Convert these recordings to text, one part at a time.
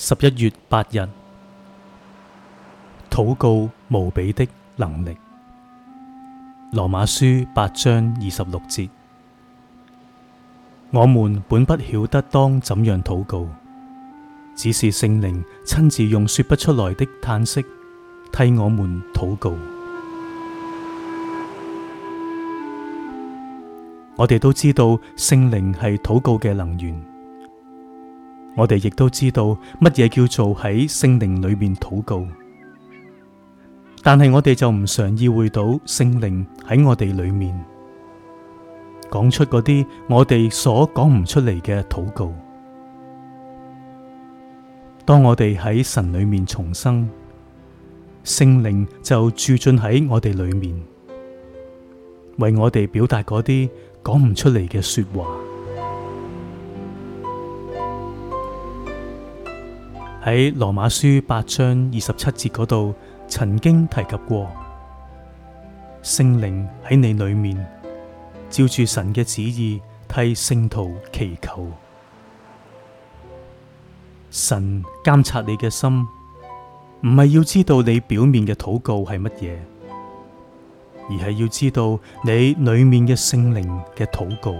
十一月八日，禱告無比的能力。羅馬書八章二十六節，我們本不曉得當怎樣禱告，只是聖靈親自用說不出來的嘆息替我們禱告。我哋都知道，聖靈係禱告嘅能源。我哋亦都知道乜嘢叫做喺聖靈裏面禱告，但係我哋就唔常意會到聖靈喺我哋裏面講出嗰啲我哋所講唔出嚟嘅禱告。當我哋喺神裏面重生，聖靈就住進喺我哋裏面，為我哋表達嗰啲講唔出嚟嘅說話。喺羅馬書八章二十七節嗰度曾經提及過，聖靈喺你裏面照住神嘅旨意替聖徒祈求。神監察你嘅心，唔係要知道你表面嘅禱告係乜嘢，而係要知道你裏面嘅聖靈嘅禱告。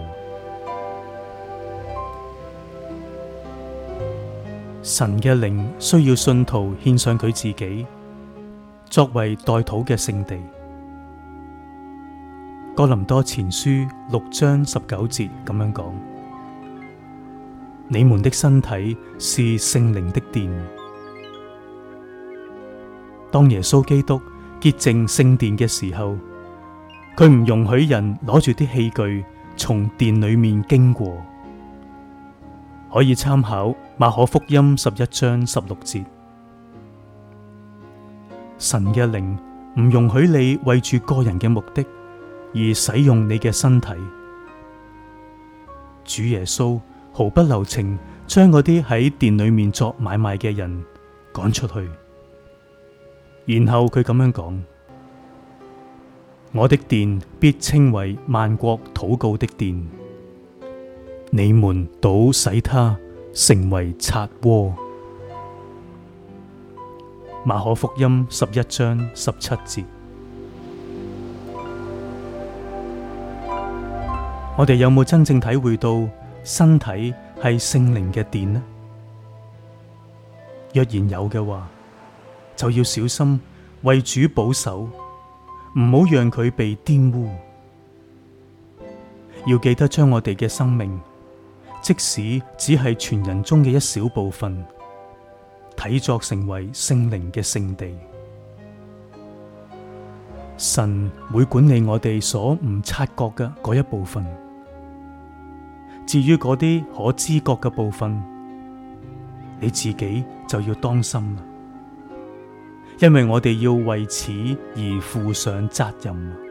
神嘅靈需要信徒獻上佢自己，作為代土嘅聖地。哥林多前書六章十九節咁樣講：你們的身體是聖靈的殿。當耶穌基督潔淨聖殿嘅時候，佢唔容許人攞住啲器具從殿裏面經過。可以參考馬可福音十一章十六節，神嘅靈唔容許你為住個人嘅目的而使用你嘅身體。主耶穌毫不留情，將嗰啲喺殿裏面作買賣嘅人趕出去，然後佢咁樣講：我的殿必稱為萬國禱告的殿。你們倒使他成為賊窩。馬可福音十一章十七節，我哋有冇真正體會到身體係聖靈嘅殿呢？若然有嘅話，就要小心為主保守，唔好讓佢被玷污。要記得將我哋嘅生命。即使只係全人中嘅一小部分，睇作成為聖靈嘅聖地，神會管理我哋所唔察覺嘅嗰一部分。至於嗰啲可知覺嘅部分，你自己就要當心啦，因為我哋要為此而負上責任。